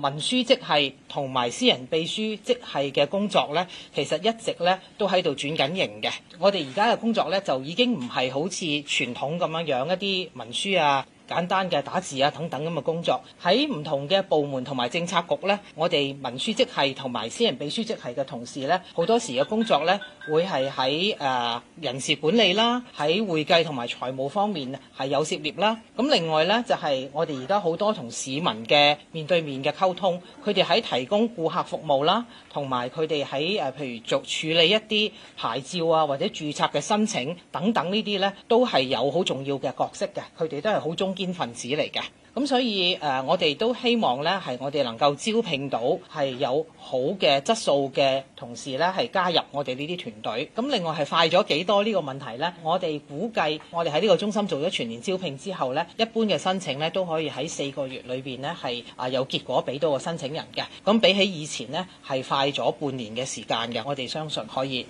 文書職系同埋私人秘書職系嘅工作呢，其實一直呢都喺度轉緊型嘅。我哋而家嘅工作呢，就已經唔係好似傳統咁樣樣一啲文書啊，簡單嘅打字啊等等咁嘅工作，喺唔同嘅部門同埋政策局呢，我哋文書職系同埋私人秘書職系嘅同事呢，好多時嘅工作呢，會係喺、呃、人事管理啦，喺會計同埋財務方面係有涉獵啦。咁另外呢，就係、是、我哋而家好多同市民嘅面對面嘅溝通，佢哋喺提供顧客服務啦，同埋佢哋喺譬如做處理一啲牌照啊或者註冊嘅申請等等呢啲呢，都係有好重要嘅角色嘅，佢哋都係好中介。堅分子嚟嘅，咁所以誒、呃、我哋都希望咧，係我哋能夠招聘到係有好嘅質素嘅同事咧，係加入我哋呢啲團隊，咁另外係快咗幾多呢個問題咧？我哋估計我哋喺呢個中心做咗全年招聘之後咧，一般嘅申請咧都可以喺四個月裏邊咧係啊有結果俾到個申請人嘅。咁比起以前咧係快咗半年嘅時間嘅，我哋相信可以。